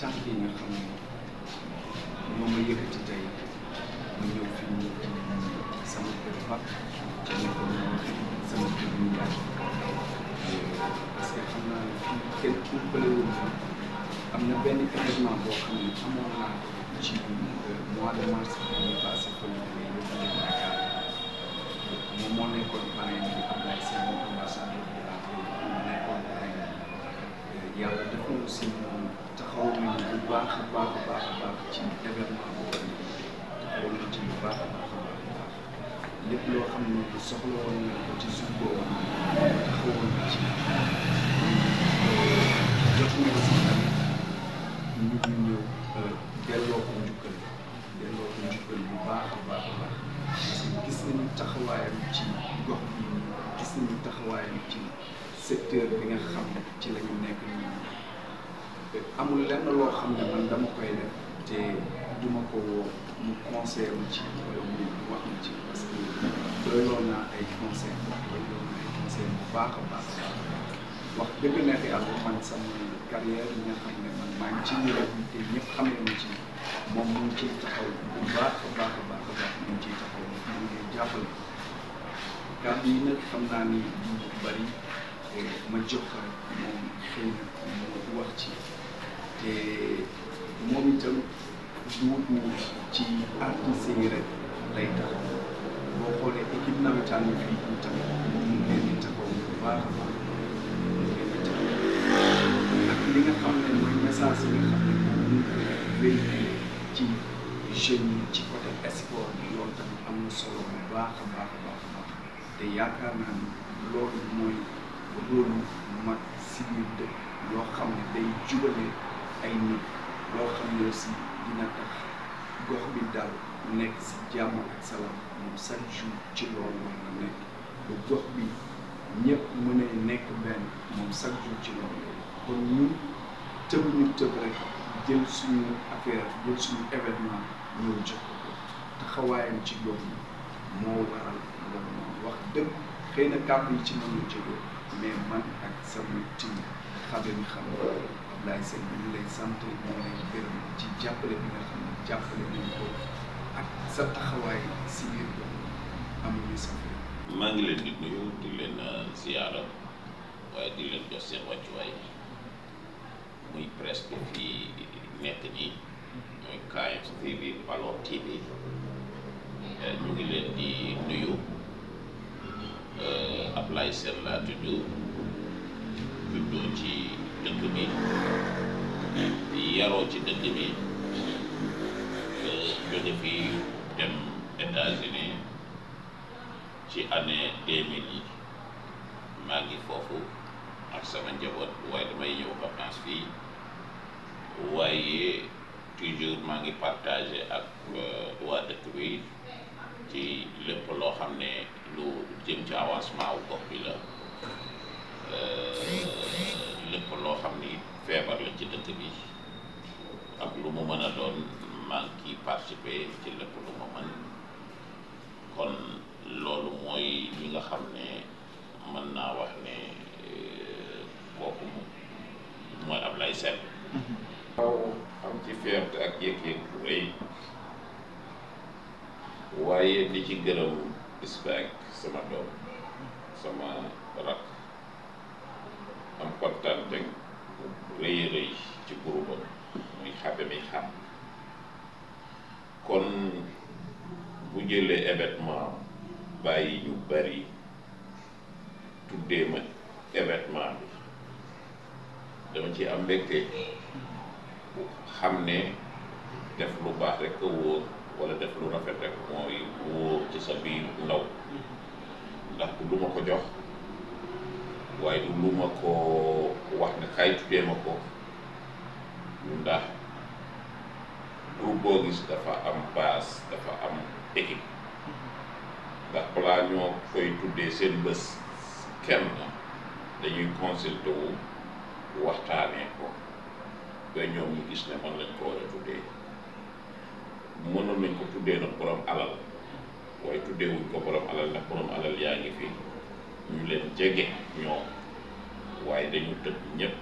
tànk yi nga xam ne moom la yëkkati tey mu ñëw fi mu sama kër ba te nekkul sama kër yu yaay parce que xam naa fii kenn ku bëlewul fa am na benn événement boo xam ne amoon naa ci mois de mars bi passé ko ñu koy yóbbu moom moo nekkoon parrain bi Abdoulaye Sène ambassadeur yàlla dafa ñu si taxaw bu baax a baax baax ci développement boobu taxaw ñu ci bu baax a baax a baax lépp loo xam ne soxla woon nañ ko ci suuf boobu taxawoon na ci jot nañ si tamit ñu delloo ko njukkal delloo bu baax a baax a baax parce gis nañu taxawaayam ci gox bi gis nañu taxawaayam ci secteur bi nga xam ne ci la ñu nekk nii amul lenn loo xam ne man dama koy def te du ma ko woo mu conseil ma ci wala mu wax ci parce que doyloon naa ay conseil doyloon bu baax a baax wax dëgg nekk yàlla man sama nga xam ne man maa ngi ci yërëb te ñëpp xamee ma ci moom mu ngi ciy taxaw bu baax a baax a baax yi xam naa ni bari ma jox ko moom xëy na mu wax ci te moom itam duutu ci artiste rek lay taxaw boo xoolee équipe nawetaan bi fii ñu nga xam ne mooy message yi nga xam ne moom lañ ci jeunes yi ci côté sport bi loolu tamit am solo baax a baax baax baax te yaakaar naa loolu mooy. loolu sii si biir loo xam ne day jubale ay nit loo xam ne aussi dina tax gox bi daal nekk si jàmm ak salaam moom chaque jour ci loolu war na nekk ba gox bi ñëpp mën a nekk benn moom chaque jour ci loolu kon ñun tëb ñu tëb rek jël suñu affaire jël suñu événement ñëw jox ko taxawaayam ci loolu moo waral loolu wax dëgg xëy na kàddu yi ci mën a jógee mais man ak sama team xabe bi xam Ablaye Sène ñu ngi lay sant ñu ngi lay ci jàppale bi nga xam ne jàppale nañ ko ak sa taxawaay si biir boobu amuñu sa maa ngi leen di nuyu di leen euh, ziyaara waaye di leen jox seen wàccuwaay muy presque fii nekk nii mooy KMS TV Palo TV euh, ñu ngi leen di nuyu. Ablaye Sène laa tudd ci dëkk bi yaroo ci dëkk bi jóge fi dem ci année deux mille ngi foofu ak sama njaboot waaye damay ñëw vacances fii waaye toujours maa ngi partagé ak euh, waa dëkk ci lépp loo xam ne lu jëm ci avancement wu la lépp loo xam ni feebar la ci dëkk bi ak lu mu mën a doon maa ngi participer ci lépp lu ma mën kon loolu mooy li nga xam ne mën naa wax ne kooku mooy lay Sène waaw am ci fierté ak yëg-yëg bu rëy waaye di ci gërëm isbek sama doom sama rak am kontaan te ci groupe am xabe mi xam kon bu jëlee événement bàyyi ñu bari tuddee ma événement bi dama ci am mbégte xam ne def lu baax rek a wóor wala def lu rafet rek mooy wóor ci sa biir ndaw ndax lu ma ko jox waaye du lu ma ko wax ne kaay tuddee ma ko ndax groupe boo gis dafa am base dafa am équipe ndax balaa ñoo koy tuddee seen bës kenn dañuy consulté wu waxtaanee ko ba ñoom ñu gis ne man lañ ko war tuddee mënoon nañ ko tuddee nag borom alal waaye tuddeewuñ ko borom alal ndax borom alal yaa ngi fi ñu leen jege ñoom waaye dañu tëb ñëpp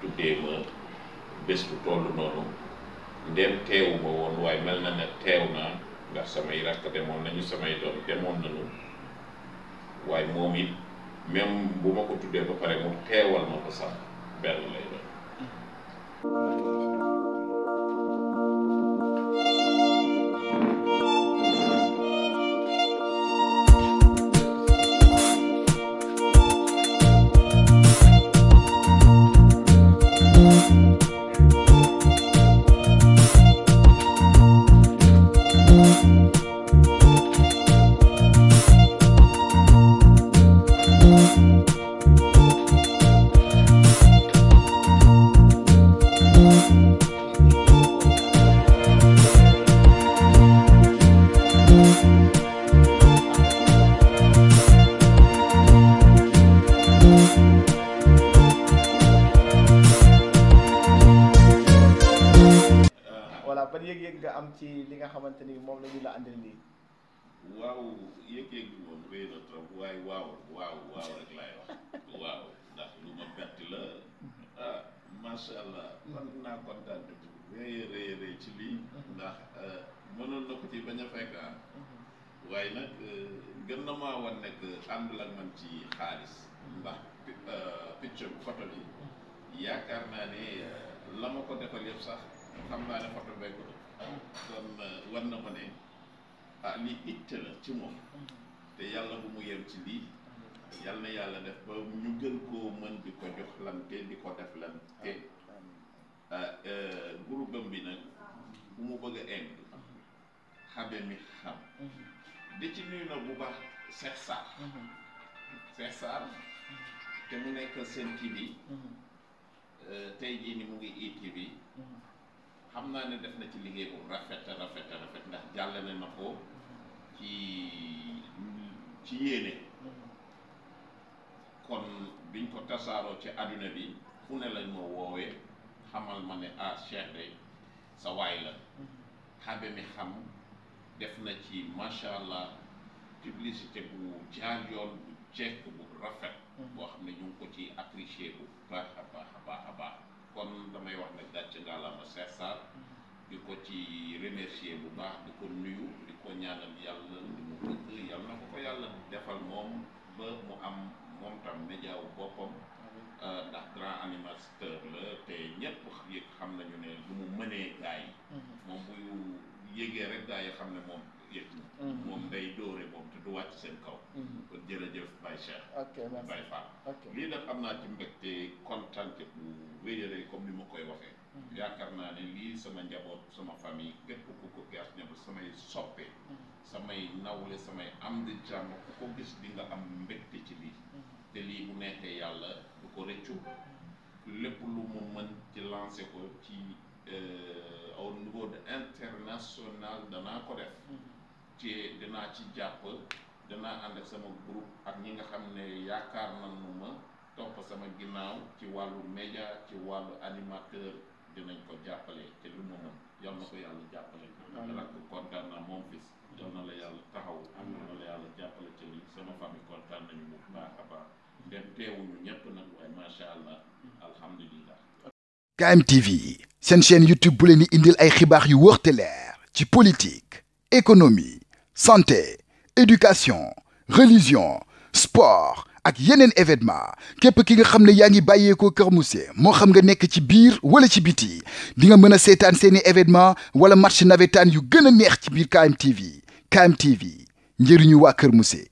tuddee ma bés bu toll noonu ndem teewu woon waaye mel na ne teew naa ndax samay rakk demoon nañu samay doom demoon nañu waaye moom it même bu ma ko tuddee ba pare mu teewal ma ko sax benn lay doon. ban yëg-yëg nga am ci li nga xamante ni moom la ñu la andil waaw yëg-yëg moom rëy na trop waaye waaw waaw waaw rek laay wax waaw ndax lu ma bett la mm-hmm. ah macha allah. war mm-hmm. naa kontaan bi rëy rëy rëy ci lii. Mm-hmm. ndax euh, mënoon na ko ci bañ a fekk ah. waaye nag euh, gën na maa wan nekk àndul man ci xaalis. ndax euh, picc bu photo yaakaar naa ne la ma ko defal yëpp sax. xam naa ne photo bee ko euh, war na ma ne ah lii itte la ci moom te yàlla bu mu yem ci lii yàlla na yàlla def ba ñu gën koo mën di ko jox lante di ko def lante ah, euh, groupe am bi nag bu mu bëgg a xabe mi xam di ci nuyu na bu baax sa Sarr Cheikh Sarr te mu nekk seen TV mm-hmm. euh, tey jii ni mu ngi ITV e mm-hmm. xam naa ne def na ci liggéey bu rafet rafet rafet ndax jàllale na ko ci ci yéene mm-hmm. kon biñ ko tasaaroo ci àdduna bi fu ne lañ ma woowee xamal ma ne ah Cheikh de sa waay la xabe mm-hmm. mi xam def na ci macha allah publicité bu jaar yoon bu jekk bu rafet mm-hmm. boo xam ne ñu ngi ko ci apprécier bu baax a baax a baax kon damay wax nag gàcce ngàllaama Cheikh Sarr di ko ci remercier bu baax du ko nuyu di ko ñaanal yàlla li mu bëgg yàlla na ko ko yàlla defal moom ba mu am moom tam médiawu boppam euh, ndax grand animateur la te ñëpp yëg xam nañu ne lu mu mënee gaa yi mm-hmm. moom buy yégee rek gaa xam ne moom yëg na mm-hmm. moom day dóore moom te du wàcc seen kaw mm-hmm. kon jërëjëf Baye Cheikh Baye Fall lii nag am naa ci mbégte kontaan bu wéyale comme ni ma koy waxee. Mm-hmm. yaakaar naa ne lii sama njaboot sama famille képp ku ko gerte ñebe samay soppe. Mm-hmm. samay nawle samay am di jàmm ku ko gis di nga am mbégte ci lii. Mm-hmm. te lii bu neexee yàlla du ko rëccu. lépp lu mu mën ci lancé ko ci euh, au niveau de international danaa ko def. ci danaa ci jàpp danaa ànd sama groupe ak ñi nga xam ne yaakaar nañu ma. top sama ginnaaw ci wàllu média ci wàllu animateur dinañ ko jàppale te lu mu mën yal na ko yàlla jàppale rakk kontaan na moom fis yal na la yàlla taxaw yal na la yàlla jàppale ci li sama famille kontaan nañu bu baax a baax dem teewuñu ñépp nag waaye macha allah alhamdulilah KMTV seen chaîne YouTube bu leen di indil ay xibaar yu wër te leer ci politique économie santé éducation religion sport ak yeneen événement képp ki nga xam ne yaa ngi bàyyeekoo Kër Mousse moo xam nga nekk ci biir wala ci biti di nga mën a seetaan seeni événement wala match navétane yu gën a neex ci biir KMTV KMTV njëriñu waa Kër Mousse